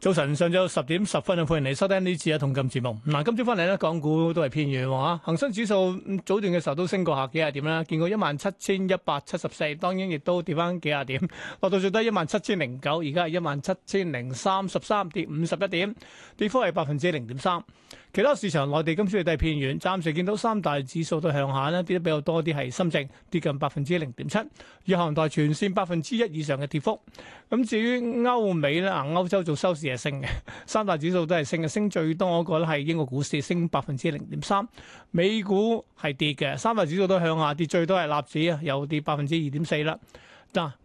早晨，上晝十點十分啊，歡迎你收聽呢次嘅一桶金節目。嗱，今朝翻嚟咧，港股都係偏軟喎嚇。恒生指數早段嘅時候都升過下幾廿點啦，見過一萬七千一百七十四，當然亦都跌翻幾廿點，落到最低一萬七千零九，而家係一萬七千零三十三，跌五十一點，跌幅係百分之零點三。其他市場，內地今次都係偏軟，暫時見到三大指數都向下呢，跌得比較多啲係深證，跌近百分之零點七，以韓台全線百分之一以上嘅跌幅。咁至於歐美咧，啊歐洲做收市係升嘅，三大指數都係升嘅，升最多嗰個咧係英國股市，升百分之零點三，美股係跌嘅，三大指數都向下跌，跌最多係納指啊，有跌百分之二點四啦。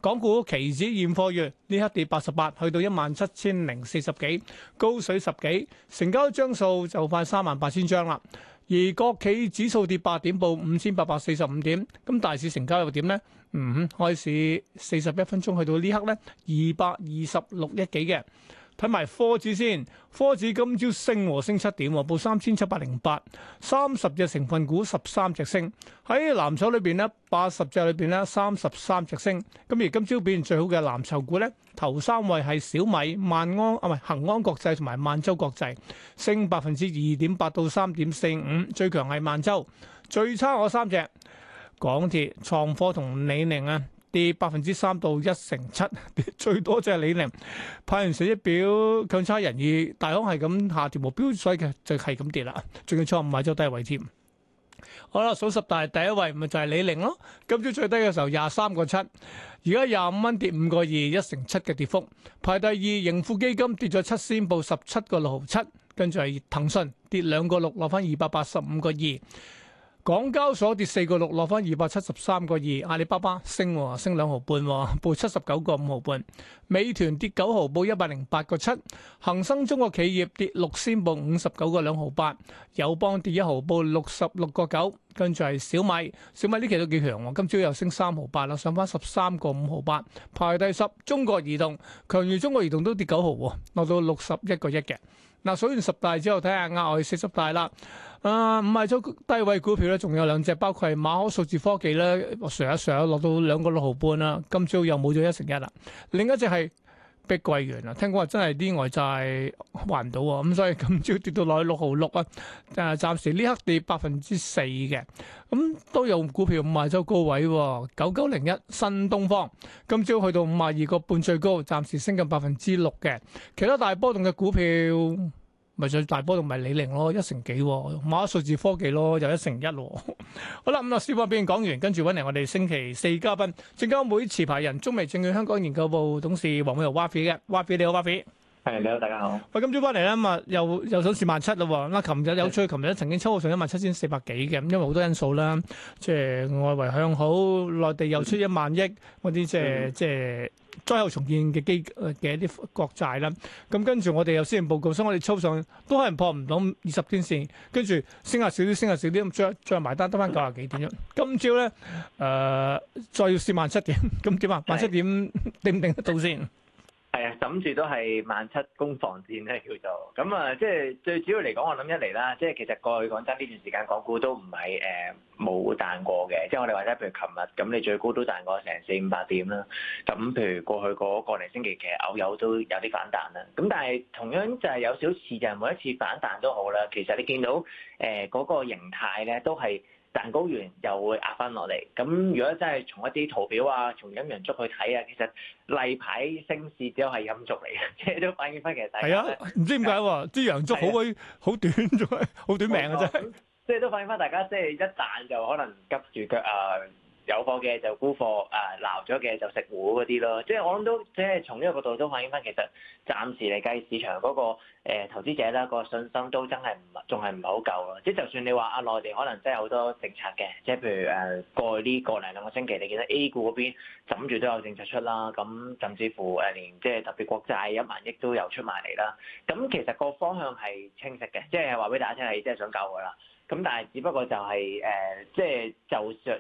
港股期指現貨月呢刻跌八十八，去到一萬七千零四十幾，高水十幾，成交張數就快三萬八千張啦。而國企指數跌八點，報五千八百四十五點。咁大市成交又點呢？嗯，開市四十一分鐘，去到呢刻呢，二百二十六億幾嘅。睇埋科指先，科指今朝升和升七點喎，報三千七百零八，三十隻成分股十三隻升，喺藍籌裏邊呢，八十隻裏邊呢，三十三隻升。咁而今朝表現最好嘅藍籌股呢，頭三位係小米、萬安啊，唔係恆安國際同埋萬洲國際，升百分之二點八到三點四五，最強係萬洲，最差嗰三隻，港鐵、創科同李寧啊。跌百分之三到一成七，最多就係李寧，派完成績表，強差人意。大行係咁下調目標，所以就係咁跌啦，仲要創五十二周低位添。好啦，數十大第一位咪就係李寧咯，今朝最低嘅時候廿三個七，而家廿五蚊跌五個二，一成七嘅跌幅。排第二盈富基金跌咗七仙報十七個六毫七，跟住係騰訊跌兩個六，落翻二百八十五個二。港交所跌四個六，落翻二百七十三個二。阿里巴巴升，升兩毫半，報七十九個五毫半。美團跌九毫，報一百零八個七。恒生中國企業跌六仙，報五十九個兩毫八。友邦跌一毫，報六十六個九。跟住係小米，小米呢期都幾強喎，今朝又升三毫八啦，上翻十三個五毫八。排第十，中國移動，強如中國移動都跌九毫喎，落到六十一個一嘅。嗱，數完十大之後，睇下額外四十大啦。啊、呃，五位低位股票咧，仲有兩隻，包括係馬可數字科技咧，我上一上落到兩個六毫半啦。今朝又冇咗一成一啦。另一隻係，碧桂園啦，聽講話真係啲外債還唔到喎，咁所以今朝跌到落去六毫六啊，誒，暫時呢刻跌百分之四嘅，咁都有股票賣咗高位喎，九九零一新東方，今朝去到五十二個半最高，暫時升近百分之六嘅，其他大波動嘅股票。咪最大波到咪李寧咯，一成幾、哦；馬數字科技咯，又一成一咯、哦。 好啦，咁、嗯、啊，小波先講完，跟住揾嚟我哋星期四嘉賓，證監會持牌人、中美證券香港研究部董事黃偉豪 Wafi 嘅，Wafi 你好，Wafi。係，你好，大家好。喂，今朝翻嚟咧，咁啊，又又想試萬七啦。嗱，琴日有追，琴日咧曾經抽上一萬七千四百幾嘅，咁因為好多因素啦，即係外圍向好，內地又出一萬億嗰啲，即係即係災後重建嘅基嘅一啲國債啦。咁跟住我哋又先報告，所以我哋抽上都可能破唔到二十天線，跟住升下少啲，升下少啲，咁再再埋單得翻九廿幾點啫。今朝咧，誒，再要試萬七點，咁點啊？萬七點定唔定得到先？諗住都係萬七攻防戰咧叫做，咁啊即係最主要嚟講，我諗一嚟啦，即係其實過去講真呢段時間，港股都唔係誒冇彈過嘅，即係我哋話咧，譬如琴日咁，你最高都彈過成四五百點啦。咁譬如過去嗰個零星期，其實偶有都有啲反彈啦。咁但係同樣就係有少少，就係每一次反彈都好啦。其實你見到誒嗰個形態咧，都係。蛋糕完又會壓翻落嚟，咁如果真係從一啲圖表啊，從陰陽燭去睇啊，其實例牌升市只有係陰燭嚟嘅，即 係都反映翻其實係啊，唔 知點解啲陽燭好鬼好短咗，好短命嘅、啊、啫，即係錯 都反映翻大家即係一彈就可能急住腳啊。有貨嘅就沽貨，誒鬧咗嘅就食糊嗰啲咯。即係我諗都即係從呢個角度都反映翻，其實暫時嚟計市場嗰、個、呃、投資者啦，個信心都真係唔仲係唔係好夠咯。即係就算你話阿內地可能真係好多政策嘅，即係譬如誒、呃、過去呢個零兩個星期，你見到 A 股嗰邊枕住都有政策出啦。咁甚至乎誒連即係特別國債一萬億都有出埋嚟啦。咁其實個方向係清晰嘅，即係話俾大家聽係即係想救㗎啦。咁但係，只不過就係、是、誒、呃，即係就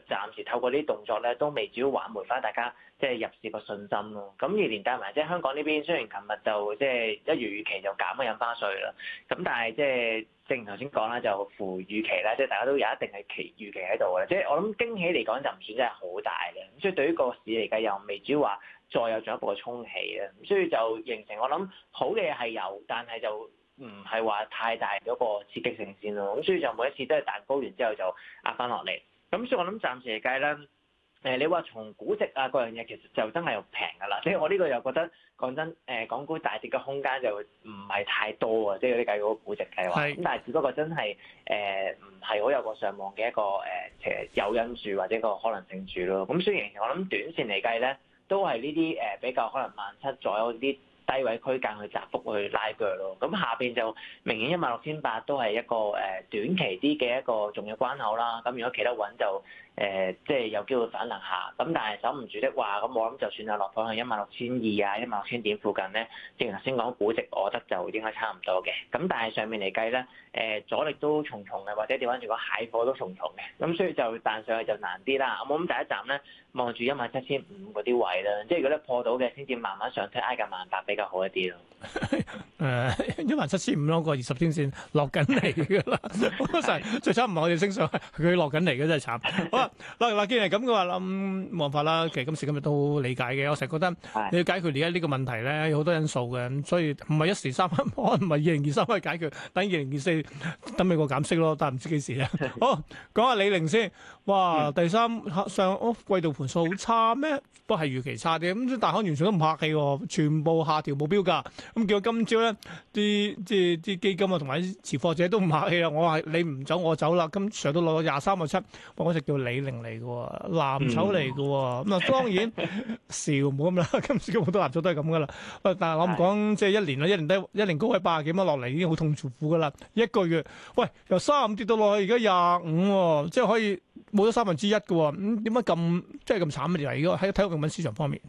暫時透過呢啲動作咧，都未至於挽回翻大家即係入市個信心咯。咁而連帶埋即係香港呢邊，雖然琴日就即係一如預期就減咗印花稅啦。咁但係即係正如頭先講啦，就乎預期啦，即係大家都有一定嘅期預期喺度嘅。即係我諗驚喜嚟講就唔算真係好大嘅。咁所以對於個市嚟講又未至於話再有進一步嘅沖起啦。咁所以就形成我諗好嘅嘢係有，但係就。唔係話太大嗰個刺激性先咯，咁所以就每一次都係彈高完之後就壓翻落嚟。咁所以我諗暫時嚟計咧，誒、呃、你話從估值啊嗰樣嘢，其實就真係平㗎啦。即係我呢個又覺得、呃、講真，誒港股大跌嘅空間就唔係太多啊。即係你計個估值計劃，咁是但係只不過真係誒唔係好有個上網嘅一個誒誒、呃、誘因住或者個可能性住咯。咁雖然我諗短線嚟計咧，都係呢啲誒比較可能萬七左右啲。低位區間去窄幅去拉鋸咯，咁下邊就明顯一萬六千八都係一個誒短期啲嘅一個重要關口啦。咁如果企得穩就。誒、呃，即係有機會反彈下，咁但係守唔住的話，咁我諗就算係落反去一萬六千二啊，一萬六千點附近咧，正如頭先講估值，我覺得就應該差唔多嘅。咁但係上面嚟計咧，誒、呃、阻力都重重嘅，或者調翻住個蟹貨都重重嘅，咁所以就彈上去就難啲啦。我諗第一站咧，望住一萬七千五嗰啲位啦，即係如果你破到嘅，先至慢慢上車，挨近萬達比較好一啲咯。誒，一萬七千五咯，個二十天線落緊嚟噶啦，成 最慘唔係我哋升上，佢落緊嚟嘅真係慘。 好啊，嗱嗱，既然係咁嘅話，冇、嗯、辦法啦。其實今時今日都好理解嘅，我成日覺得你要解決而家呢個問題咧，有好多因素嘅，所以唔係一時三刻唔係二零二三可以解決，等二零二四等美國減息咯，但係唔知幾時咧。 好，講下李寧先。哇！第三、嗯、上季、哦、度盤數好差咩？不過係預期差啲咁，大行完全都唔客氣喎，全部下調目標價。咁叫今朝咧，啲即係啲基金啊同埋持貨者都唔客氣啦。我話你唔走，我走啦。咁上到落到廿三個七，我直叫李寧嚟嘅藍籌嚟嘅。咁啊、嗯，當然 兆冇啦。今次好多藍籌都係咁㗎啦。喂，但係我唔講是的 即係一年啦，一年低一年高位八十幾蚊落嚟已經好痛苦㗎啦。一個月，喂，由三十五跌到落去而家廿五，即係可以。冇咗三分之一嘅喎，咁點解咁即係咁慘嘅嚟？如果喺體育用品市場方面，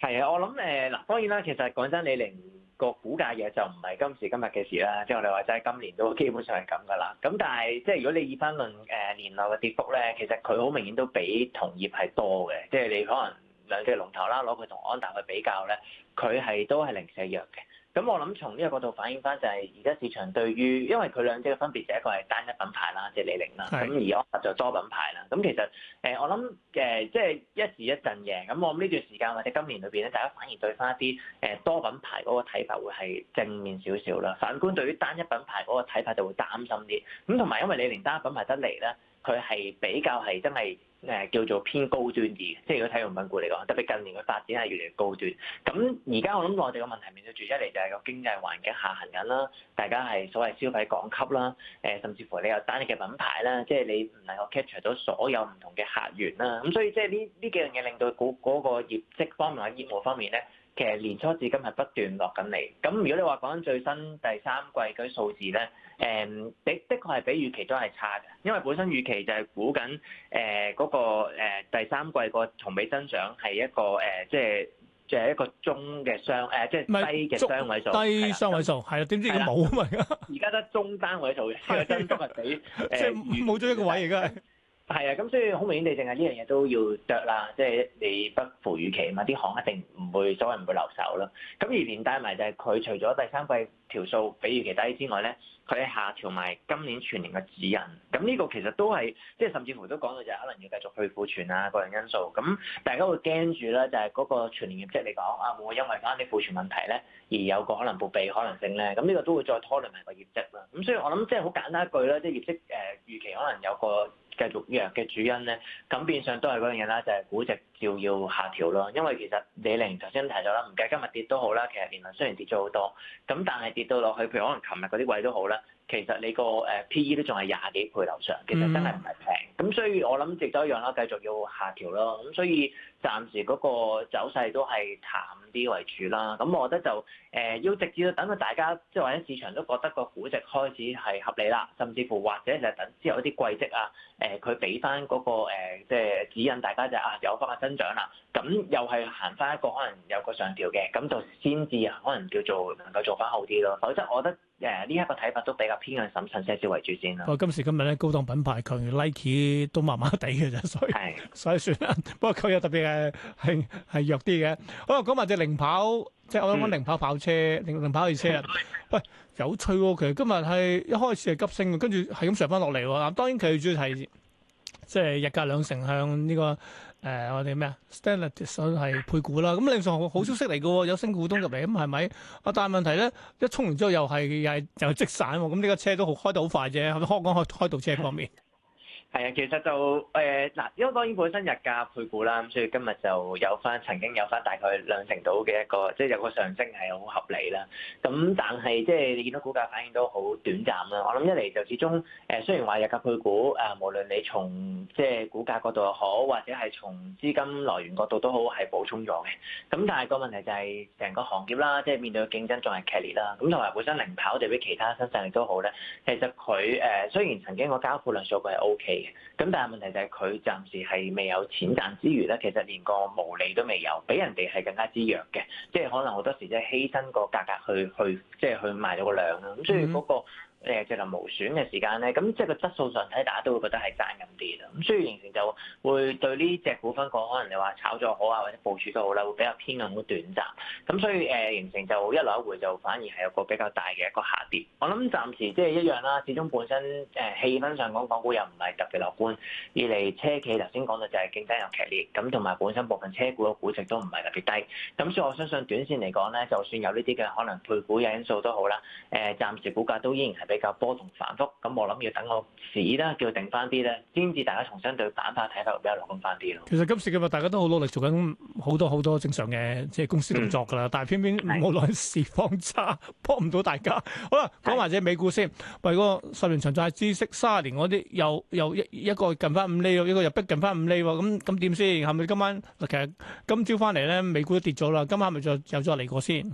係啊，我諗誒嗱，當然啦，其實講真，李寧個股價嘢就唔係今時今日嘅事啦。即係我哋話齋係今年都基本上係咁噶啦。咁但係即係如果你以翻論誒、呃、年內嘅跌幅咧，其實佢好明顯都比同業係多嘅。即係你可能兩隻龍頭啦，攞佢同安踏去比較咧，佢係都係零舍弱嘅。咁我諗從呢個角度反映翻就係而家市場對於，因為佢兩者嘅分別就一個係單一品牌啦，即係李寧啦，咁是而安踏就多品牌啦。咁其實誒、呃、我諗誒即係一時一陣嘅，咁我諗呢段時間或者今年裏邊咧，大家反而對翻一啲誒、呃、多品牌嗰個睇法會係正面少少啦。反觀對於單一品牌嗰個睇法就會擔心啲。咁同埋因為李寧單一品牌得嚟咧，佢係比較係真係。誒叫做偏高端啲，即係如果體育用品股嚟講，特別近年佢發展係越嚟越高端。咁而家我諗內地嘅問題面對住一嚟就係個經濟環境下行緊啦，大家係所謂消費降級啦，誒甚至乎你有單一嘅品牌啦，即係你唔能夠 capture 到所有唔同嘅客源啦。咁所以即係呢呢幾樣嘢令到股嗰個業績方面或者業務方面咧。其實年初至今係不斷落緊嚟，咁如果你話講緊最新第三季嗰啲數字咧，誒、嗯，你的確係比預期都係差嘅，因為本身預期就係估緊誒嗰個、呃、第三季個同比增長係一個誒、呃，即係即係一個中嘅雙誒、呃，即係低嘅雙位數，低雙位數係對對啊，點知冇啊嘛，而家得中單位數嘅，係即係即係冇咗一個位而家。 係啊，咁所以好明顯地，淨係呢樣嘢都要着啦，即係你不符預期啊嘛，啲行一定唔會所謂唔會留守咯。咁而連帶埋就係佢除咗第三季條數比預期低之外咧，佢下調埋今年全年嘅指引。咁呢個其實都係即係甚至乎都講到就係可能要繼續去庫存啊，個人因素。咁大家會驚住咧，就係嗰個全年業績嚟講啊，會唔會因為翻啲庫存問題咧而有個可能撥備可能性咧？咁呢個都會再拖累埋個業績啦。咁所以我諗即係好簡單一句啦，即係業績誒預期可能有個繼續弱嘅主因咧，咁變相都係嗰樣嘢啦，就係、是、估值照要下調咯。因為其實李玲頭先提咗啦，唔計今日跌都好啦，其實原來雖然跌咗好多，咁但係跌到落去，譬如可能琴日嗰啲位都好啦，其實你個誒 P E 都仲係廿幾倍以上，其實真係唔係平。咁、mm. 所以我諗亦都一樣啦，繼續要下調咯。咁所以。暫時嗰個走勢都係淡啲為主啦，咁、嗯、我覺得就誒要、呃、直接等到大家即係或者市場都覺得個估值開始係合理啦，甚至乎或者就等之後有啲季績啊誒佢俾翻嗰個即係、呃、指引大家就是、啊有翻嘅增長啦，咁又係行翻一個可能有個上調嘅，咁就先至可能叫做能夠做翻好啲咯，否則我覺得誒呢一個睇法都比較偏向審慎些少為主先啦。不過今時今日咧，高檔品牌強如 Nike 都麻麻地嘅啫，所以是所以算啦，不過佢有特別嘅。誒，係係弱啲嘅。好啦，講埋隻零跑，即係我諗緊零跑跑車，嗯、零跑汽車啊。喂，有趣喎、哦！其實今日係一開始係急升，跟住係咁上翻落嚟。嗱，當然佢主要係即係日價兩成向呢、這個誒、呃，我哋咩啊？Stellantis 係配股啦。咁另上好消息嚟嘅，有新股東入嚟，咁係咪啊？但係問題咧，一衝完之後又係又係又係即散、哦。咁呢個車都開得好快啫，我開開，開到車方面。係啊，其實就誒嗱，因為當然本身日價配股啦，咁所以今日就有翻曾經有翻大概兩成度嘅一個，即係有個上升係好合理啦。咁但係即係你見到股價反應都好短暫啦。我諗一嚟就始終誒，雖然話日價配股誒，無論你從即係股價角度又好，或者係從資金來源角度都好，係補充咗嘅。咁但係個問題就係成個行業啦，即係面對嘅競爭仲係劇烈啦。咁同埋本身零跑對比其他新勢力都好咧。其實佢誒雖然曾經個交貨量數據係 O K。咁但係問題就係，佢暫時係未有錢賺之餘咧，其實連個毛利都未有，俾人哋係更加之弱嘅，即係可能好多時，即係犧牲個價格去去，即係去賣咗個量，咁所以嗰個。嗯誒，即係無選嘅時間咧，咁即係個質素上睇，大家都會覺得係爭咁啲啦。咁所以形成就會對呢隻股份講，可能你話炒作好啊，或者部署都好啦，會比較偏向好短暫。咁所以誒，形成就一來一回就反而係有個比較大嘅一個下跌。我諗暫時即係一樣啦，始終本身誒氣氛上講，港股又唔係特別樂觀。二嚟車企頭先講到就係競爭又劇烈，咁同埋本身部分車股嘅估值都唔係特別低。咁所以我相信短線嚟講咧，就算有呢啲嘅可能配股嘅因素都好啦，誒暫時股價都依然係。比較波動反覆，咁我諗要等個市啦，叫定翻啲咧，先至大家重新對板塊睇法會比較樂觀翻啲咯。其實今次嘅話，大家都好努力做緊好多好多正常嘅即係公司動作㗎啦，嗯、但係偏偏冇耐事荒差，幫唔到大家。好啦，講埋隻美股先，喂，為個十年長債知識三十年嗰啲，又又一一個近翻五厘，一個又逼近翻五厘喎，咁咁點先？係咪今晚其實今朝翻嚟咧，美股都跌咗啦，今晚係咪再有再嚟過先？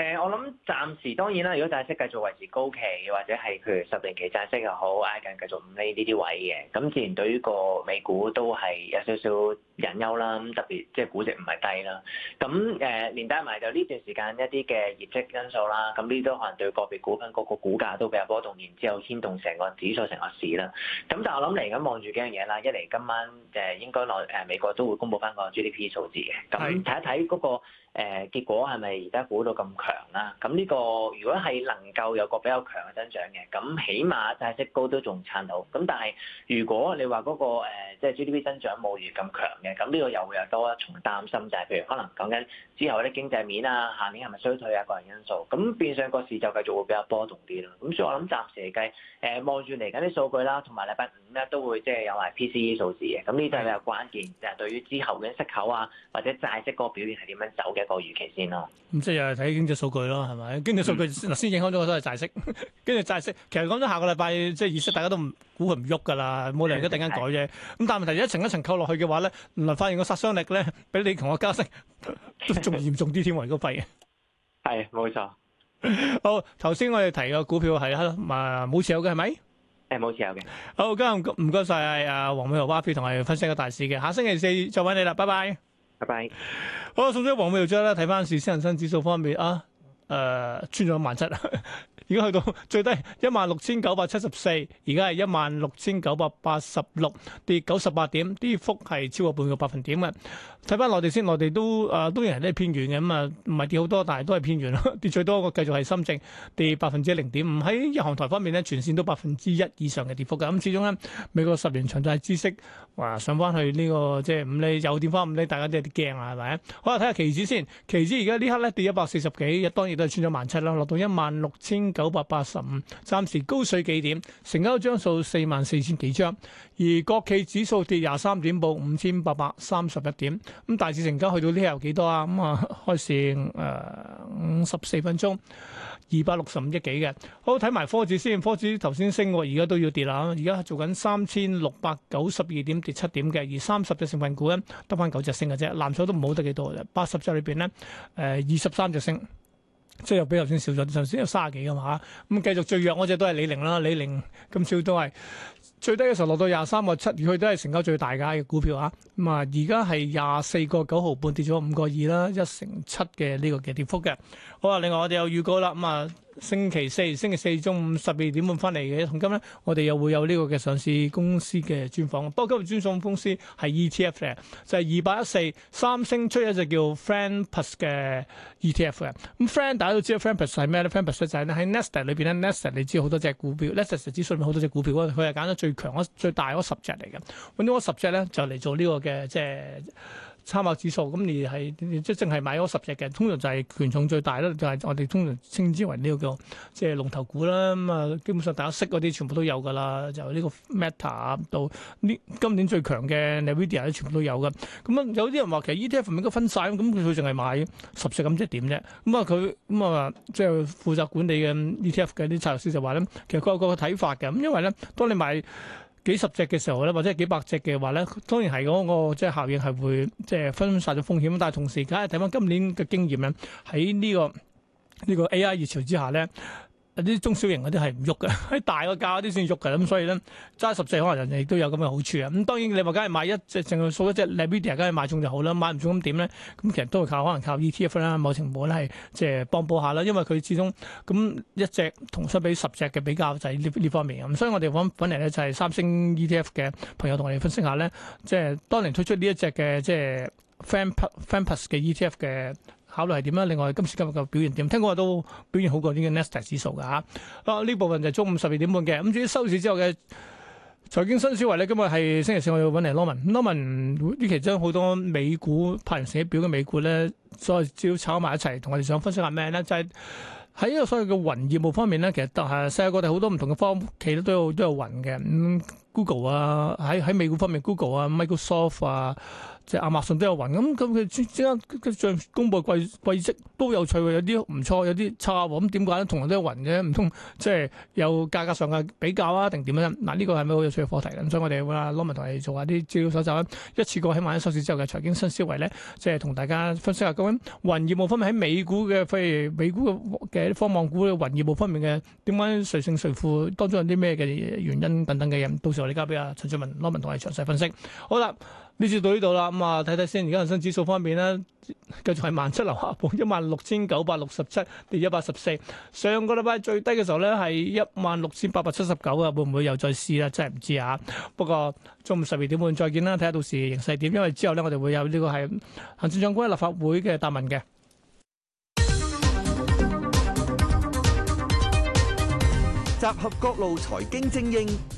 誒、 嗯，我諗暫時當然啦，如果債息繼續維持高企，或者係譬如十年期債息又好，挨近繼續五厘呢啲位嘅，咁自然對於個美股都係有少少隱憂啦。咁特別即係估值唔係低啦。咁誒、呃、連帶埋就呢段時間一啲嘅業績因素啦，咁呢都可能對個別股份嗰個股價都比較波動，然之後牽動成個指數成個市啦。咁但係我諗嚟緊望住幾樣嘢啦，一嚟今晚誒、呃、應該內誒美國都會公布返個 GDP 數字嘅，咁睇一睇嗰個。誒結果係咪而家估到咁強啦？咁呢個如果係能夠有個比較強嘅增長嘅，咁起碼債息高都仲撐到。咁但係如果你話嗰、那個即係、呃就是、GDP 增長冇越咁強嘅，咁呢個又會有多一重擔心，就係、是、譬如可能講緊之後啲經濟面啊，下年係咪衰退啊，個人因素，咁變相個市就繼續會比較波動啲啦。咁所以我諗暫時嚟計，誒望住嚟緊啲數據啦，同埋禮拜五咧都會即係有埋 PCE 數字嘅，咁呢啲都係比較關鍵，就係、是、對於之後嘅息口啊或者債息嗰個表現係點樣走。一個預期先啦，咁即係又係睇經濟數據咯，係咪？經濟數據先影響咗嗰個債息，跟 住債息其實講咗下個禮拜即係議息，大家都唔估佢唔喐㗎啦，冇理由一陣間改啫。咁的但係問題一層一層扣落去嘅話咧，嗱，發現個殺傷力咧，比你同我加息仲嚴重啲添，為個費嘅。係冇錯。 好，頭先我哋提個股票係啊，冇持有嘅係咪？誒，冇持有嘅。好，今日唔該晒，啊，黃美和巴菲特同我哋分析個大市嘅，下星期四就揾你啦，拜拜。拜拜。Bye bye. 好，送咗黃尾椒啦。睇翻市，恒生指數方面啊，誒、呃，穿咗萬七。 而家去到最低一萬六千九百七十四，而家係一萬六千九百八十六，跌九十八點，跌幅係超過半個百分點嘅。睇翻內地先，內地都誒當然係都偏軟嘅，咁啊唔係跌好多，但係都係偏軟咯。 跌最多個繼續係深圳，跌百分之零點五，喺日韓台方面咧，全線都百分之一以上嘅跌幅嘅。咁始終咧，美國十年長債孳息、這個、話上翻去呢個即係五厘，又跌翻五厘，大家都係啲驚啊，係咪？好啊，睇下期指先，期指而家呢刻咧跌一百四十幾，當然都係穿咗萬七啦，落到一萬六千。九百八十五，85, 暫時高水幾點？成交張數四萬四千幾張。而國企指數跌廿三點，報五千八百三十一點。咁大市成交去到呢日有幾多啊？咁、嗯、啊，開市誒，五十四分鐘，二百六十五億幾嘅。好睇埋科指先，科指頭先升，而家都要跌啦。而家做緊三千六百九十二點，跌七點嘅。而三十隻成分股咧，得翻九隻升嘅啫，藍籌都冇得幾多嘅。八十隻裏邊咧，誒，二十三隻升。即係又比頭先少咗，頭先有卅幾㗎嘛嚇，咁、嗯、繼續最弱嗰隻都係李寧啦，李寧咁少都係最低嘅時候落到廿三個七，而佢都係成交最大價嘅股票嚇，咁啊而家係廿四個九毫半跌咗五個二啦，一成七嘅呢個嘅跌幅嘅，好啊，另外我哋有預告啦，咁、嗯、啊。星期四、星期四中午十二點半翻嚟嘅，同今咧我哋又會有呢個嘅上市公司嘅專訪。不過今日專訪公司係 ETF 嘅，就係二八一四三星出一隻叫 FANG+ 嘅 ETF 嘅。咁、嗯、FANG+ 大家都知道 FANG+ 係咩 咧？FANG+ 就係咧喺 Nasdaq 裏邊咧，Nasdaq 你知好多隻股票，Nasdaq 指數入面好多隻股票。佢係揀咗最強最大嗰十隻嚟嘅。揾到嗰十隻咧，就嚟做呢個嘅即係。參考指數咁你係即係淨係買嗰十隻嘅，通常就係權重最大啦，就係、是、我哋通常稱之為呢個叫即係龍頭股啦。咁啊，基本上大家識嗰啲全部都有㗎啦，就呢個 Meta 到呢今年最強嘅 Nvidia 全部都有㗎。咁啊，有啲人話其實 ETF 應該分晒，咁，佢淨係買十隻咁即係點啫？咁啊佢咁啊即係負責管理嘅 ETF 嘅啲策略師就話咧，其實各有各嘅睇法嘅。咁因為咧，當你買幾十隻嘅時候咧，或者係幾百隻嘅話咧，當然係嗰、那個即係效應係會即係分散咗風險。但係同時，梗係睇翻今年嘅經驗咧，喺呢、這個呢、這個 AI 熱潮之下咧。啲中小型嗰啲係唔喐嘅，喺大個價嗰啲先喐嘅咁，所以咧揸十隻可能人哋都有咁嘅好處啊！咁當然你話梗係買一隻淨係數一隻 levered 梗係買中就好啦，買唔中咁點咧？咁其實都係靠可能靠 ETF 啦，某程度咧係即係幫補下啦，因為佢始終咁一隻同相比十隻嘅比較就係呢呢方面咁。所以我哋揾嚟咧就係三星 ETF 嘅朋友同我哋分析下咧，即係當年推出呢一隻嘅即係 Fang Fang+ 嘅 ETF 嘅。就是考慮係點啊？另外今次今日嘅表現點？聽講話都表現好過呢個 Nasdaq 指數噶吓。啊，呢部分就中午十二點半嘅。咁至於收市之後嘅財經新思維咧，今日係星期四，我要搵嚟 Norman。咁 Norman 呢期將好多美股派完息表嘅美股咧，再照炒埋一齊，同我哋想分析下咩咧？就係喺呢個所謂嘅雲業務方面咧，其實都係世界各地好多唔同嘅科企咧都有都有雲嘅咁。嗯 Google 啊，喺喺美股方面，Google 啊、Microsoft 啊，即係亞馬遜都有雲。咁。咁佢即刻將公布季季績都有趣喎，有啲唔錯，有啲差喎。咁點解咧？同樣都有雲嘅，唔通即係有價格上嘅比較啊？定點樣？嗱、啊，呢、呢個係咪好有趣嘅課題？咁所以我哋會攞埋同你做下啲資料搜集一次過喺萬一收市之後嘅財經新思維咧，即係同大家分析下究竟雲業務方面喺美股嘅，譬如美股嘅科網股嘅雲業務方面嘅點解誰勝誰負，當中有啲咩嘅原因等等嘅嘢，到時我哋交俾阿陳俊文攞文同佢詳細分析。好啦，呢次到呢度啦，咁啊，睇睇先。而家恒生指數方面咧，繼續係萬七樓下，報一萬六千九百六十七跌一百十四。上個禮拜最低嘅時候咧係一萬六千八百七十九啊，會唔會又再試咧？真係唔知啊。不過中午十二點半再見啦，睇下到時形勢點。因為之後咧，我哋會有呢個係行政長官立法會嘅答問嘅，集合各路財經精英。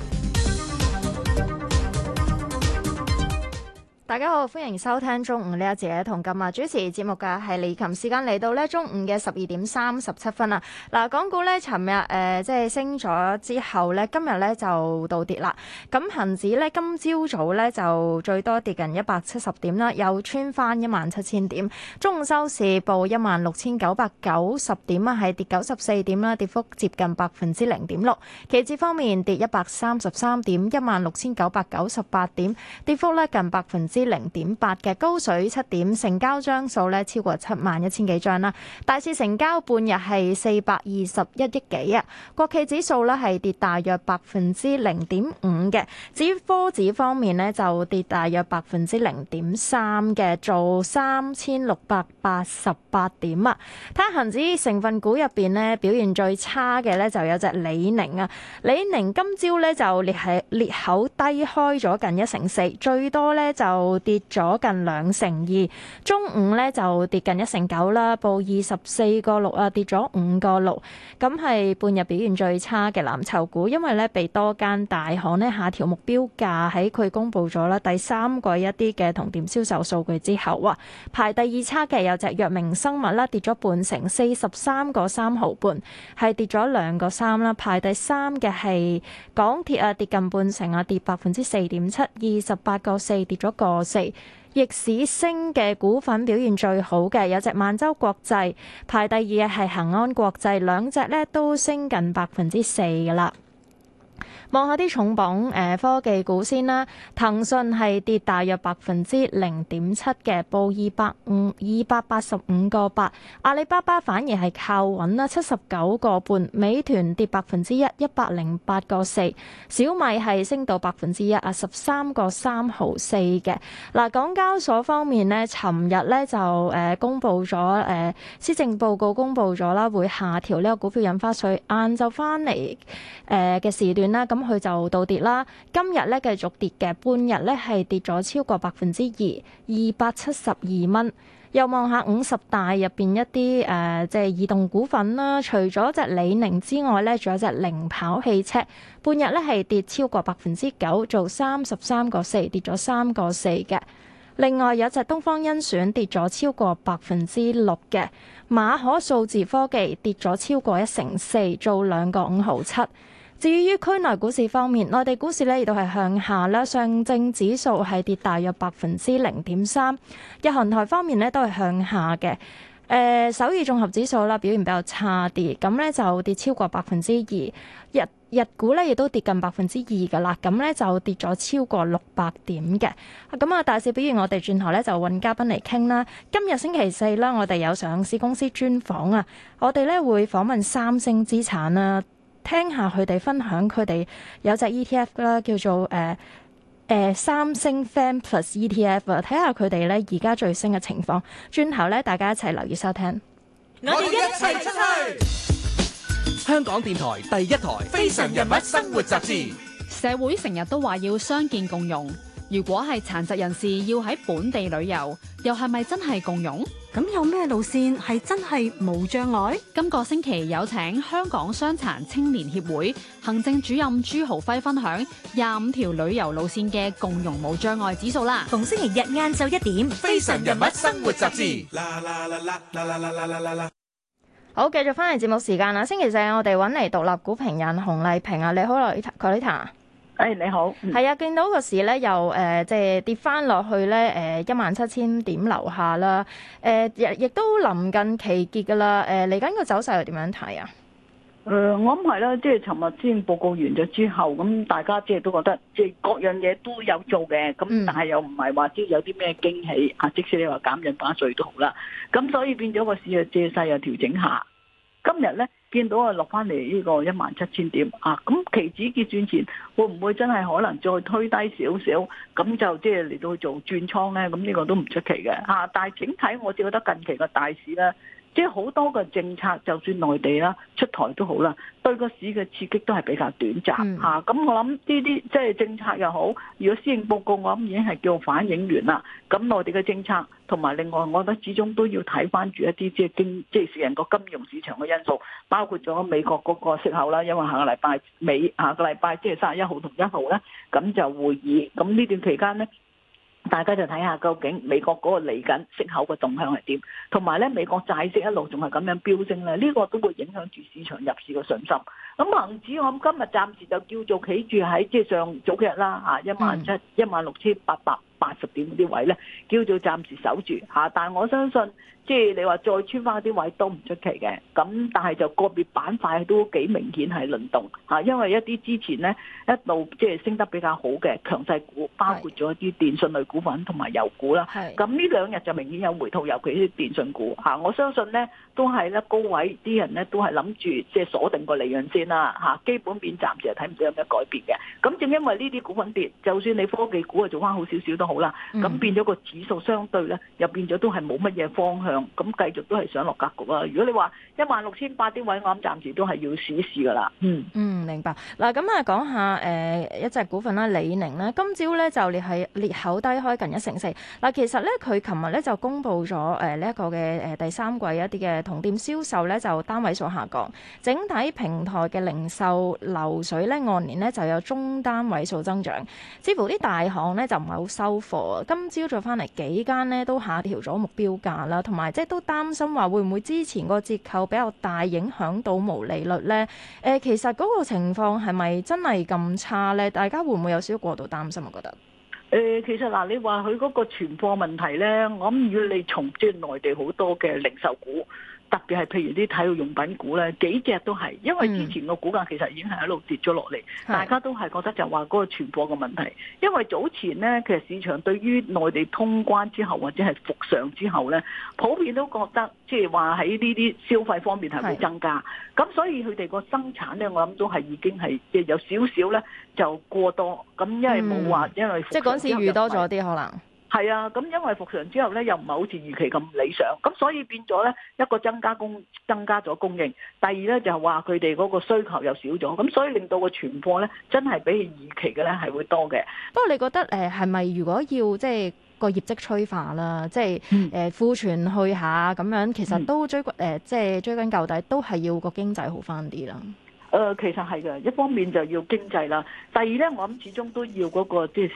大家好，歡迎收聽中午呢一節同金馬主持節目嘅，係李琴時間。嚟到咧，中午嘅十二點三十七分啊。嗱，港股呢，尋日誒、呃、即係升咗之後呢，今日呢就倒跌啦。咁恒指呢，今朝早，早呢就最多跌近一百七十點啦，又穿翻一萬七千點。中午收市報一萬六千九百九十點啊，係跌九十四點啦，跌幅接近百分之零點六。期指方面跌一百三十三點，一萬六千九百九十八點，跌幅呢近百分之。零點八嘅，高水七點，成交張數咧超過七萬一千幾張啦。大市成交半日係四百二十一億幾啊。國企指數咧係跌大約百分之零點五嘅。至於科指方面咧就跌大約百分之零點三嘅，做三千六百八十八點啊。睇下恒指成分股入邊咧表現最差嘅咧就有隻李寧啊。李寧今朝咧就裂喺裂口低開咗近一成四，最多咧就。跌咗近兩成二，中午呢就跌近一成九啦，報二十四個六啊，跌咗五個六，咁係半日表現最差嘅藍籌股，因為呢被多間大行呢下調目標價，喺佢公布咗啦第三季一啲嘅同店銷售數據之後，啊，排第二差嘅有隻藥明生物啦，跌咗半成四十三個三毫半，係跌咗兩個三啦，排第三嘅係港鐵啊，跌近半成啊，跌百分之四點七，二十八個四跌咗個。四逆市升嘅股份表現最好嘅，有隻萬洲國際排第二嘅，係恒安國際，兩隻呢都升近百分之四㗎喇。望下啲重磅誒、呃、科技股先啦，騰訊係跌大約百分之零點七嘅，報二百五二百八十五個八。阿里巴巴反而係靠穩啦，七十九個半。美團跌百分之一，一百零八個四。小米係升到百分之一啊，十三個三毫四嘅。嗱，港交所方面咧，尋日咧就誒、呃、公布咗誒、呃、施政報告，公布咗啦，會下調呢個股票印花稅。晏晝翻嚟誒嘅時段啦，咁。佢就倒跌啦。今日咧繼續跌嘅，半日咧係跌咗超過百分之二，二百七十二蚊。又望下五十大入邊一啲誒，即、呃、係、就是、移動股份啦。除咗隻李寧之外咧，仲有隻零跑汽車，半日咧係跌超過百分之九，做三十三個四，跌咗三個四嘅。另外有隻東方甄選跌咗超過百分之六嘅，馬可數字科技跌咗超過一成四，做兩個五毫七。至於於區內股市方面，內地股市呢亦都係向下啦。上證指數係跌大約百分之零點三。日韓台方面呢都係向下嘅。誒、呃，首爾綜合指數啦表現比較差啲，咁呢就跌超過百分之二。日日股呢亦都跌近百分之二㗎喇，咁呢就跌咗超過六百點嘅。咁啊，大市表現我哋轉頭呢就揾嘉賓嚟傾啦。今日星期四啦，我哋有上市公司專訪啊，我哋呢會訪問三星資產啦。聽下佢哋分享，佢哋有隻 ETF 啦，叫做誒誒、呃呃、三星 FamPlus ETF，睇下佢哋咧而家最新嘅情況。轉頭咧，大家一齊留意收聽。我哋一齊出去！香港電台第一台《非常人物生活雜誌》。社會成日都話要相見共融。如果係殘疾人士要喺本地旅遊，又係咪真係共融？咁有咩路線係真係無障礙？今個星期有請香港傷殘青年協會行政主任朱豪輝分享廿五條旅遊路線嘅共融無障礙指數啦！逢星期日晏晝一點，非常人物生活雜誌。好，繼續翻嚟節目時間啦！星期四我哋揾嚟獨立股評人洪麗萍啊，你好，李翠婷。誒，你好，係啊，見到個市咧又誒，即、呃、係跌翻落去咧，誒一萬七千點樓下啦，誒、呃，亦都臨近期結噶啦，誒、呃，嚟緊個走勢又點樣睇啊？誒、呃，我諗係啦，即係尋日先報告完咗之後，咁大家即係都覺得即係、就是、各樣嘢都有做嘅，咁但係又唔係話即係有啲咩驚喜啊，即使你話減印花稅都好啦，咁所以變咗個市啊借勢又調整下，今日咧。見到啊落翻嚟呢個一萬七千點啊，咁期指結算前會唔會真係可能再推低少少，咁就即係嚟到做轉倉咧，咁呢個都唔出奇嘅嚇、啊。但係整體我覺得近期個大市咧。即係好多嘅政策，就算內地啦出台都好啦，對個市嘅刺激都係比較短暫嚇。咁、嗯啊嗯、我諗呢啲即係政策又好，如果施政報告我諗已經係叫反映完啦。咁內地嘅政策同埋另外，我覺得始終都要睇翻住一啲即係經即係成個金融市場嘅因素，包括咗美國嗰個息口啦。因為下個禮拜尾下個禮拜即係三十一號同一號咧，咁就會議。咁呢段期間咧。大家就睇下究竟美國嗰個嚟緊息口嘅動向係點，同埋咧美國債息一路仲係咁樣飆升咧，呢、呢個都會影響住市場入市嘅信心。咁恆指我今今日暫時就叫做企住喺即係上早幾日啦嚇，一萬七一萬六千八百八十點啲位咧，叫做暫時守住嚇。但我相信。即係你話再穿翻啲位都唔出奇嘅，咁但係就個別板塊都幾明顯係輪動吓，因為一啲之前咧一度即係升得比較好嘅強勢股，包括咗一啲電信類股份同埋油股啦。咁呢兩日就明顯有回吐，尤其啲電信股吓。我相信咧都係咧高位啲人咧都係諗住即係鎖定個利潤先啦吓，基本面暫時係睇唔到有咩改變嘅。咁正因為呢啲股份跌，就算你科技股啊做翻好少少都好啦，咁變咗個指數相對咧又變咗都係冇乜嘢方向。咁繼續都係上落格局啦。如果你話一萬六千八啲位，我諗暫時都係要試一試噶啦。嗯嗯，明白。嗱，咁啊講下誒、呃、一隻股份啦，李寧咧，今朝咧就裂係裂口低開近一成四。嗱，其實咧佢琴日咧就公布咗誒呢一個嘅誒第三季一啲嘅同店銷售咧就單位數下降，整體平台嘅零售流水咧按年咧就有中單位數增長。似乎啲大行咧就唔係好收貨。今朝再翻嚟幾間咧都下調咗目標價啦，同埋。即係都擔心話會唔會之前個折扣比較大，影響到毛利率呢？誒，其實嗰個情況係咪真係咁差呢？大家會唔會有少少過度擔心？我覺得誒、呃，其實嗱，你話佢嗰個存貨問題呢，我諗越你重奪內地好多嘅零售股。特別係譬如啲體育用品股咧，幾隻都係，因為之前個股價其實已經係一路跌咗落嚟，嗯、大家都係覺得就話嗰個存貨嘅問題。是因為早前咧，其實市場對於內地通關之後或者係復常之後咧，普遍都覺得即係話喺呢啲消費方面係會增加，咁是所以佢哋個生產咧，我諗都係已經係即係有少少咧就過多，咁、嗯、因為冇話因為即係嗰時預多咗啲可能。係啊，咁因為復常之後咧，又唔係好似預期咁理想，咁所以變咗咧一個增加供，增加咗供應；第二咧就係話佢哋嗰個需求又少咗，咁所以令到個存貨咧真係比預期嘅咧係會多嘅。不過你覺得誒係咪如果要即係個業績催化啦，即係誒庫存去下咁樣，其實都追過誒，即係、嗯呃就是、追根究底，都係要個經濟好翻啲啦。誒、呃，其實係嘅，一方面就要經濟啦，第二咧我諗始終都要嗰、那個即係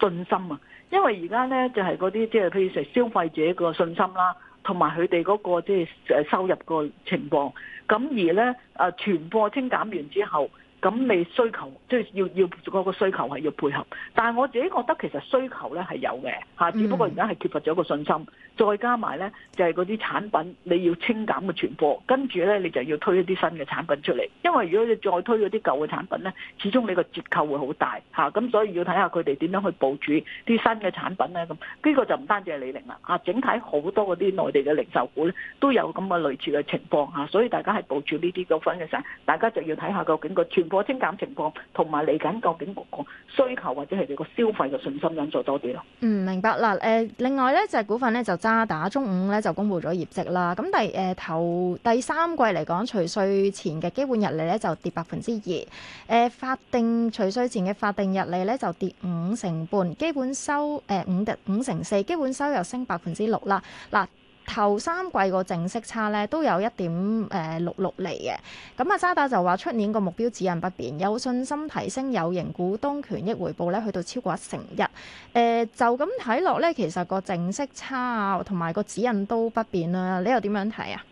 信心啊。因為而家呢，就係嗰啲即係譬如消費者個信心啦，同埋佢哋嗰個即係、就是、收入個情況，咁而咧啊傳播清減完之後。咁你需求即係、就是、要要個、那個需求係要配合，但係我自己覺得其實需求咧係有嘅嚇，只不過而家係缺乏咗個信心。再加埋咧就係嗰啲產品你要清減嘅存貨，跟住咧你就要推一啲新嘅產品出嚟。因為如果你再推嗰啲舊嘅產品咧，始終你個折扣會好大嚇，咁、啊、所以要睇下佢哋點樣去部署啲新嘅產品咧。咁呢個就唔單止係李寧啦，啊整體好多嗰啲內地嘅零售股咧都有咁嘅類似嘅情況嚇、啊，所以大家係部署呢啲股份嘅時候，大家就要睇下究竟個個清減情況，同埋嚟緊究竟個需求或者係你個消費嘅信心因素多啲咯，嗯，明白啦。誒、呃，另外咧就係、是、股份咧就渣打，中午咧就公布咗業績啦。咁第誒、呃、頭第三季嚟講，除稅前嘅基本溢利咧就跌百分之二。誒、呃、法定除稅前嘅法定溢利咧就跌五成半，基本收誒五五成四，基本收入升百分之六啦。嗱。呃頭三季個淨息差咧都有一點誒六六厘嘅，咁、呃、阿渣打就話出年個目標指引不變，有信心提升有形股東權益回報咧去到超過一成一，誒、呃、就咁睇落咧，其實個淨息差啊同埋個指引都不變啦、啊，你又點樣睇啊？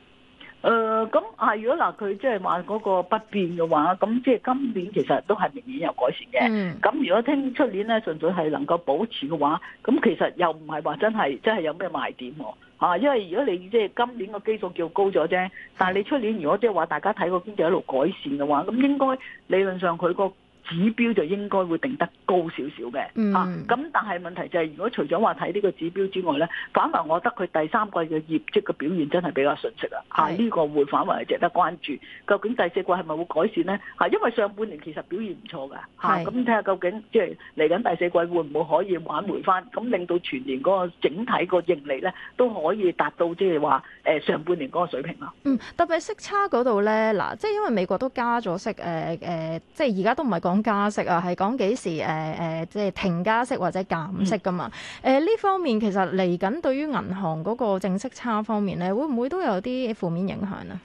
誒咁係，如果嗱佢即係話嗰個不變嘅話，咁即係今年其實都係明顯有改善嘅。咁如果聽出年咧，純粹係能夠保持嘅話，咁其實又唔係話真係真係有咩賣點喎、吓、因為如果你即係今年個基數叫高咗啫，但係你出年如果即係話大家睇個經濟一路改善嘅話，咁應該理論上佢個指標就應該會定得高少少嘅，嗯、啊，咁但係問題就係、是、如果除咗話睇呢個指標之外咧，反為我覺得佢第三季嘅業績嘅表現真係比較遜色啦，是啊，呢、這個會反為係值得關注。究竟第四季係咪會改善咧？啊，因為上半年其實表現唔錯㗎，係咁睇下究竟即係嚟緊第四季會唔會可以挽回翻，咁令到全年嗰個整體個盈利咧都可以達到即係話誒上半年嗰個水平啦。嗯，特別係息差嗰度咧，嗱，即係因為美國都加咗息，誒、呃、誒、呃，即係而家都唔係講。加息啊，係講幾時？誒誒，即係停加息或者減息噶嘛？誒，呢方面其實嚟緊對於銀行嗰個淨息差方面咧，會唔會都有啲負面影響咧？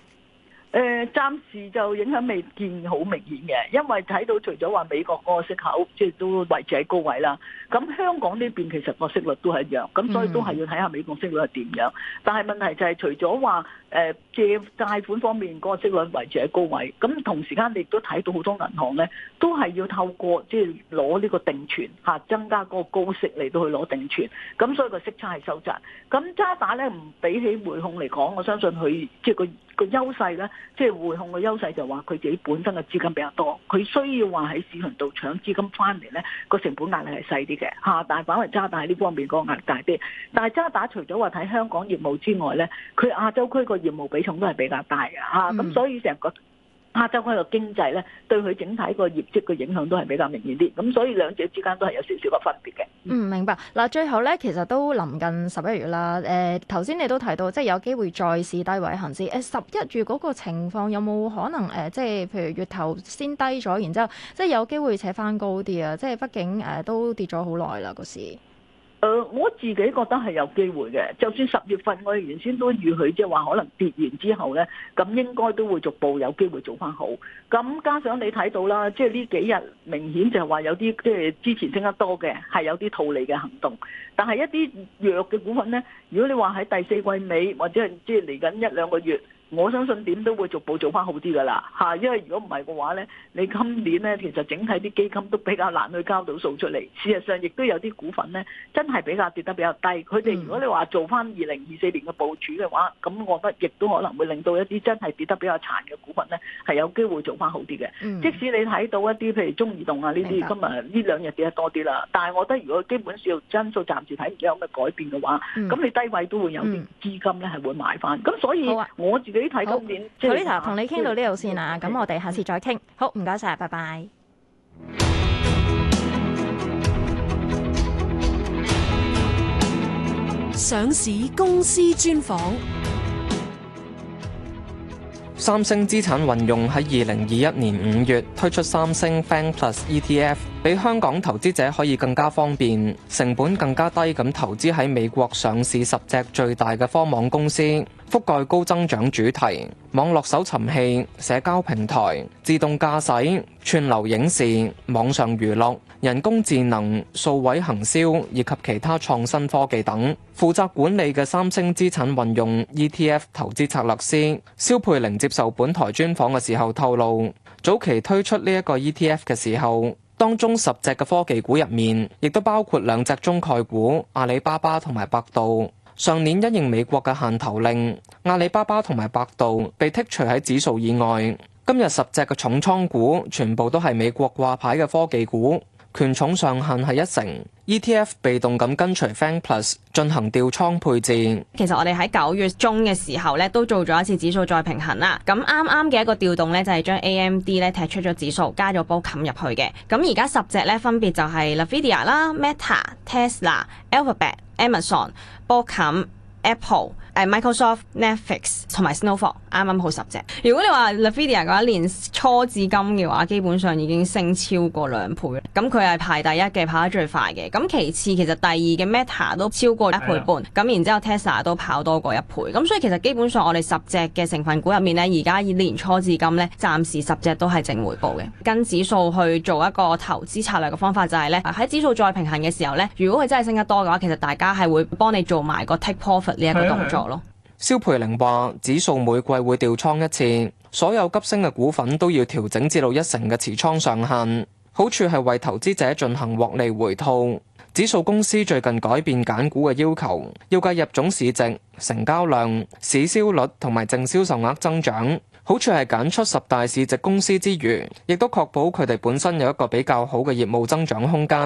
誒，暫時就影響未見好明顯嘅，因為睇到除咗話美國嗰個息口，即係都維持喺高位啦。咁香港呢邊其實個息率都係一樣，咁所以都係要睇下美國息率係點樣。但係問題就係除咗話。誒借貸款方面個息率維持喺高位，咁同時間亦都睇到好多銀行咧，都係要透過即係攞呢個定存嚇、啊、增加嗰個高息嚟到去攞定存，咁所以個息差係收窄。咁渣打咧，唔比起匯控嚟講，我相信佢即係個個優勢咧，即係匯控個優勢就話佢自己本身嘅資金比較多，佢需要話喺市場度搶資金翻嚟咧，個成本壓力係細啲嘅嚇。但係反而渣打喺呢方面個壓力大啲，但係渣打除咗話睇香港業務之外咧，佢亞洲區個業務比重都係比較大嘅嚇，咁、嗯、所以成個亞洲嗰個經濟咧，對佢整體個業績嘅影響都係比較明顯啲。咁所以兩者之間都係有少少個分別嘅。嗯，嗯，明白。嗱，最後咧，其實都臨近十一月啦。誒、呃，頭先你都提到，即係有機會再試低位行先。誒、呃，十一月嗰個情況有冇可能誒、呃，即係譬如月頭先低咗，然之後即係有機會扯翻高啲啊？即係畢竟誒、呃、都跌咗好耐啦，個市。誒、呃，我自己覺得係有機會嘅。就算十月份我哋原先都預佢即係話可能跌完之後呢，咁應該都會逐步有機會做翻好。咁加上你睇到啦，即係呢幾日明顯就係話有啲即係之前升得多嘅係有啲套利嘅行動。但係一啲弱嘅股份呢，如果你話喺第四季尾或者係即係嚟緊一兩個月。我相信點都會逐步做翻好啲噶啦，嚇！因為如果唔係嘅話咧，你今年咧其實整體啲基金都比較難去交到數出嚟。事實上亦都有啲股份咧，真係比較跌得比較低。佢哋如果你話做翻二零二四年嘅部署嘅話，咁我覺得亦都可能會令到一啲真係跌得比較殘嘅股份咧，係有機會做翻好啲嘅。嗯、即使你睇到一啲譬如中移動啊呢啲，白今日呢兩日跌得多啲啦，但係我覺得如果基本上因素暫時睇唔到有咩改變嘅話，咁、嗯、你低位都會有啲資金咧係、嗯、會買翻。咁所以、啊、我自己。好，好呢同你傾到呢度先啊。咁、嗯、我哋下次再傾。好，唔該晒，拜拜。上市公司專訪：三星資產運用喺二零二一年五月推出三星 Fan Plus ETF。比香港投資者可以更加方便、成本更加低咁投資喺美國上市十隻最大嘅科網公司，覆蓋高增長主題，網絡搜尋器、社交平台、自動駕駛、串流影視、網上娛樂、人工智能、數位行銷以及其他創新科技等。負責管理嘅三星資產運用 ETF 投資策略師蕭佩玲接受本台專訪嘅時候透露，早期推出呢一個 ETF 嘅時候。當中十隻嘅科技股入面，亦都包括兩隻中概股阿里巴巴同埋百度。上年因應美國嘅限投令，阿里巴巴同埋百度被剔除喺指數以外。今日十隻嘅重倉股全部都係美國掛牌嘅科技股，權重上限係一成。ETF 被動咁跟隨 FANG Plus 進行調倉配置。其實我哋喺九月中嘅時候咧，都做咗一次指數再平衡啦。咁啱啱嘅一個調動咧，就係、是、將 AMD 咧踢出咗指數，加咗波冚入去嘅。咁而家十隻咧分別就係 Nvidia 啦、Meta、Tesla、Alphabet、Amazon、波冚、Apple。Microsoft、Netflix 同埋 Snowfall 啱啱好十隻。如果你話 NVIDIA 嗰一年初至今嘅話，基本上已經升超過兩倍。咁佢係排第一嘅，跑得最快嘅。咁其次其實第二嘅 Meta 都超過一倍半。咁 Yeah. 然之後 Tesla 都跑多過一倍。咁所以其實基本上我哋十隻嘅成分股入面呢，而家以年初至今呢，暫時十隻都係正回報嘅。跟指數去做一個投資策略嘅方法就係呢：喺指數再平衡嘅時候呢，如果佢真係升得多嘅話，其實大家係會幫你做埋個 take profit 呢一個動作。Yeah. 肖培玲話：指數每季會調倉一次，所有急升嘅股份都要調整至到一成嘅持倉上限。好處係為投資者進行獲利回吐。指數公司最近改變揀股嘅要求，要計入總市值、成交量、市銷率同埋淨銷售額增長。好處係揀出十大市值公司之餘，亦都確保佢哋本身有一個比較好嘅業務增長空間。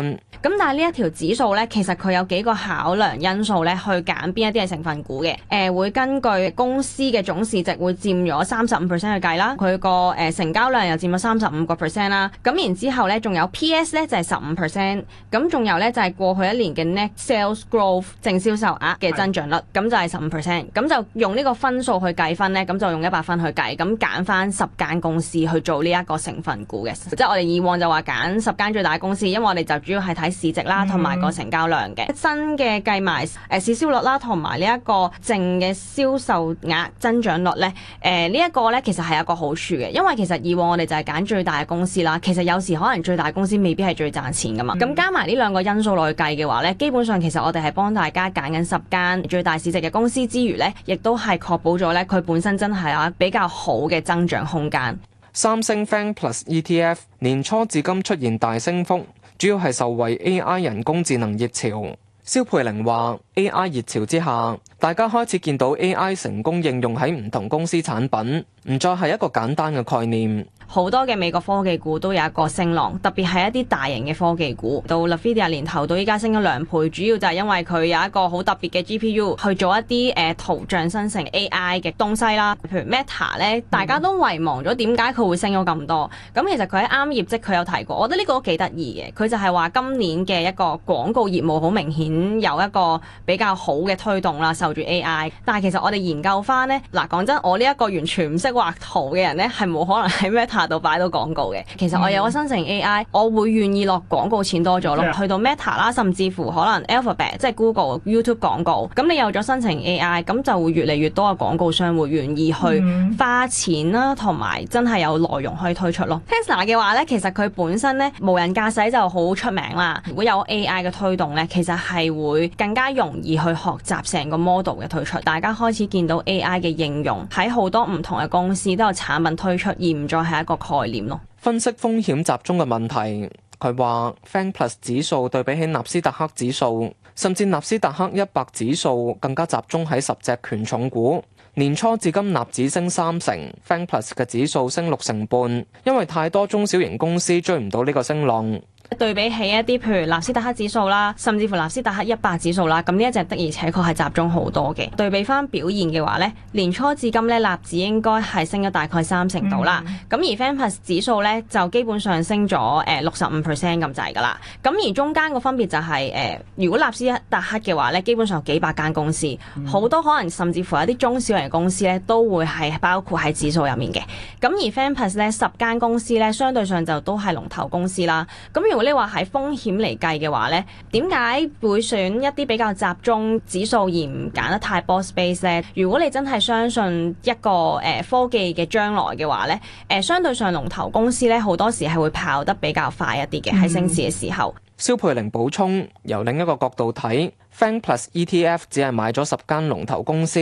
咁但係呢一條指數咧，其實佢有幾個考量因素咧，去揀邊一啲嘅成分股嘅。誒、呃、會根據公司嘅總市值會佔咗三十五 percent 去計啦，佢個誒成交量又佔咗三十五個 percent 啦。咁然之後咧，仲有 PS 咧就係十五 percent。咁仲有咧就係、是、過去一年嘅 net sales growth 淨銷售額嘅增長率，咁的就係十五 percent。咁就用呢個分數去計分咧，咁就用一百分去計。咁。咁揀翻十間公司去做呢一個成分股嘅，即係我哋以往就話揀十間最大公司，因為我哋就主要係睇市值啦，同埋個成交量嘅。嗯、新嘅計埋誒市銷率啦，同埋呢一個淨嘅銷售額增長率咧，誒、呃這個、呢一個咧其實係一個好處嘅，因為其實以往我哋就係揀最大嘅公司啦，其實有時可能最大公司未必係最賺錢噶嘛。咁、嗯、加埋呢兩個因素落去計嘅話咧，基本上其實我哋係幫大家揀緊十間最大市值嘅公司之餘咧，亦都係確保咗咧佢本身真係啊比較好。好嘅增長空間。三星 Fan Plus ETF 年初至今出現大升幅，主要係受惠 AI 人工智能熱潮。肖佩玲話，AI 熱潮之下，大家開始見到 AI 成功應用喺唔同公司產品，唔再係一個簡單嘅概念。好多嘅美國科技股都有一個升浪，特別係一啲大型嘅科技股，到 Nvidia 年頭到依家升咗兩倍，主要就係因為佢有一個好特別嘅 GPU 去做一啲誒、呃、圖像生成 AI 嘅東西啦。譬如 Meta 咧，大家都遺忘咗點解佢會升咗咁多。咁、嗯嗯、其實佢喺啱啱業績，佢有提過，我覺得呢個都幾得意嘅。佢就係話今年嘅一個廣告業務好明顯有一個比較好嘅推動啦，受住 AI。但係其實我哋研究翻呢，嗱講真，我呢一個完全唔識畫圖嘅人呢，係冇可能係 Meta 下到擺到廣告嘅，其實我有個新型 AI，我會願意落廣告錢多咗咯。去到 Meta 啦，甚至乎可能 Alphabet 即係 Google、YouTube 廣告。咁你有咗新型 AI，咁就會越嚟越多嘅廣告商會願意去花錢啦，同埋真係有內容可以推出咯。嗯、Tesla 嘅話咧，其實佢本身咧，無人駕駛就好出名啦。如果有 AI 嘅推動咧，其實係會更加容易去學習成個 model 嘅推出。大家開始見到 AI 嘅應用喺好多唔同嘅公司都有產品推出，而唔再係個概念咯，分析風險集中嘅問題。佢話，FANG Plus 指數對比起納斯達克指數，甚至納斯達克一百指數更加集中喺十隻權重股。年初至今，納指升三成，FANG Plus 嘅指數升六成半，因為太多中小型公司追唔到呢個升浪。對比起一啲譬如納斯達克指數啦，甚至乎納斯達克一百指數啦，咁呢一隻的而且確係集中好多嘅。對比翻表現嘅話呢，年初至今呢，納指應該係升咗大概三成度啦。咁、mm hmm. 而 FAMPAS 指數呢，就基本上升咗誒六十五 percent 咁滯噶啦。咁而中間個分別就係、是、誒、呃，如果納斯達克嘅話呢，基本上有幾百間公司，好、mm hmm. 多可能甚至乎有啲中小型公司呢，都會係包括喺指數入面嘅。咁而 FAMPAS 呢，十間公司呢，相對上就都係龍頭公司啦。咁如果你險話喺風險嚟計嘅話咧，點解會選一啲比較集中指數而唔揀得太 space 咧？如果你真係相信一個誒、呃、科技嘅將來嘅話咧，誒、呃、相對上龍頭公司咧，好多時係會跑得比較快一啲嘅，喺升市嘅時候。肖培玲補充，由另一個角度睇，FANG Plus ETF 只係買咗十間龍頭公司，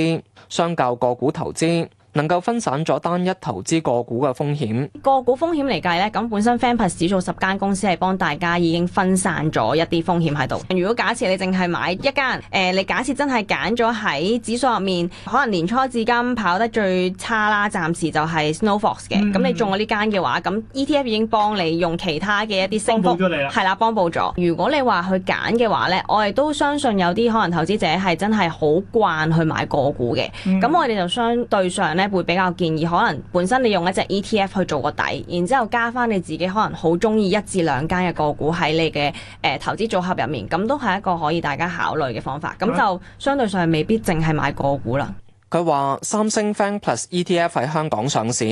相較個股投資。能夠分散咗單一投資個股嘅風險。個股風險嚟計呢，咁本身 FanPass 指數十間公司係幫大家已經分散咗一啲風險喺度。如果假設你淨係買一間，誒、呃，你假設真係揀咗喺指數入面，可能年初至今跑得最差啦，暫時就係 SnowFox 嘅。咁、嗯、你中咗呢間嘅話，咁 ETF 已經幫你用其他嘅一啲升幅，係啦，幫補咗。如果你話去揀嘅話呢，我哋都相信有啲可能投資者係真係好慣去買個股嘅。咁、嗯、我哋就相對上呢。會比較建議，可能本身你用一隻 ETF 去做個底，然之後加翻你自己可能好中意一至兩間嘅個股喺你嘅誒、呃、投資組合入面，咁都係一個可以大家考慮嘅方法。咁就相對上未必淨係買個股啦。佢話三星 Fan Plus ETF 喺香港上市，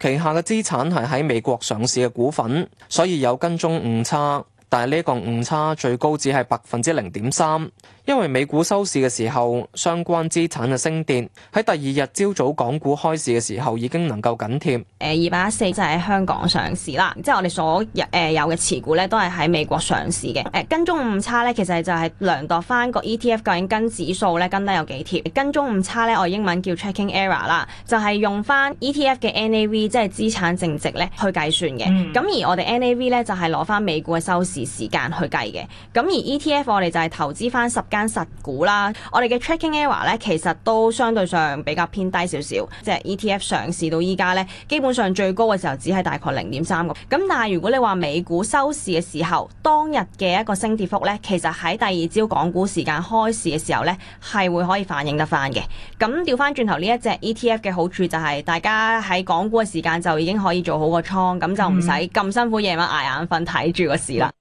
旗下嘅資產係喺美國上市嘅股份，所以有跟蹤誤差，但係呢個誤差最高只係百分之零點三。因為美股收市嘅時候，相關資產嘅升跌，喺第二日朝早港股開市嘅時候已經能夠緊貼。誒、呃，二百一四就係香港上市啦，即係我哋所誒有嘅、呃、持股咧，都係喺美國上市嘅。誒、呃，跟蹤誤差咧，其實就係量度翻個 ETF 究竟跟指數咧跟得有幾貼。跟蹤誤差咧，我英文叫 tracking error 啦，就係、是、用翻 ETF 嘅 NAV，即係資產淨值咧去計算嘅。咁、嗯、而我哋 NAV 咧就係攞翻美股嘅收市時間去計嘅。咁而 ETF 我哋就係投資翻十。跟實股啦，我哋嘅 tracking error 咧，其實都相對上比較偏低少少。即係 ETF 上市到依家咧，基本上最高嘅時候只係大概零點三個。咁但係如果你話美股收市嘅時候，當日嘅一個升跌幅咧，其實喺第二朝港股時間開市嘅時候咧，係會可以反映得翻嘅。咁調翻轉頭呢一隻 ETF 嘅好處就係，大家喺港股嘅時間就已經可以做好個倉，咁就唔使咁辛苦夜晚捱眼瞓睇住個市啦。嗯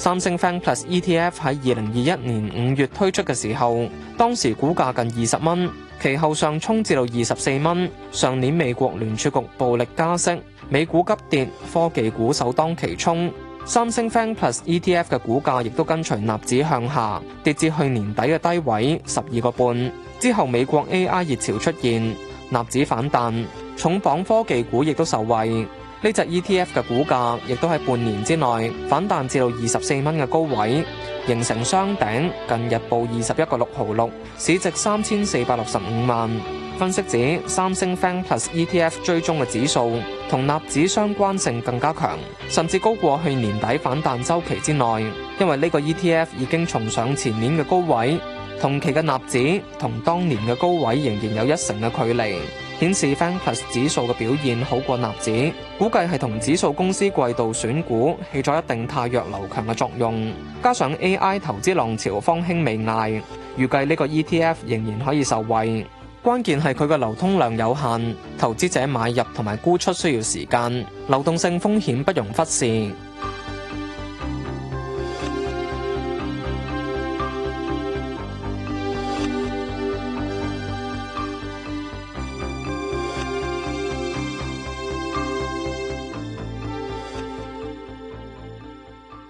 三星 Fan Plus ETF 喺二零二一年五月推出嘅時候，當時股價近二十蚊，其後上衝至到二十四蚊。上年美國聯儲局暴力加息，美股急跌，科技股首當其衝。三星 Fan Plus ETF 嘅股價亦都跟隨納指向下，跌至去年底嘅低位十二個半。之後美國 AI 熱潮出現，納指反彈，重磅科技股亦都受惠。呢隻 ETF 嘅股價亦都喺半年之內反彈至到二十四蚊嘅高位，形成雙頂，近日報二十一個六毫六，市值三千四百六十五萬。分析指三星 Fang Plus ETF 追蹤嘅指數同納指相關性更加強，甚至高過去年底反彈週期之內，因為呢個 ETF 已經重上前年嘅高位。同期嘅納指同當年嘅高位仍然有一成嘅距離，顯示 FANG Plus 指數嘅表現好過納指，估計係同指數公司季度選股起咗一定汰弱留強嘅作用。加上 AI 投資浪潮方興未艾，預計呢個 ETF 仍然可以受惠。關鍵係佢嘅流通量有限，投資者買入同埋沽出需要時間，流動性風險不容忽視。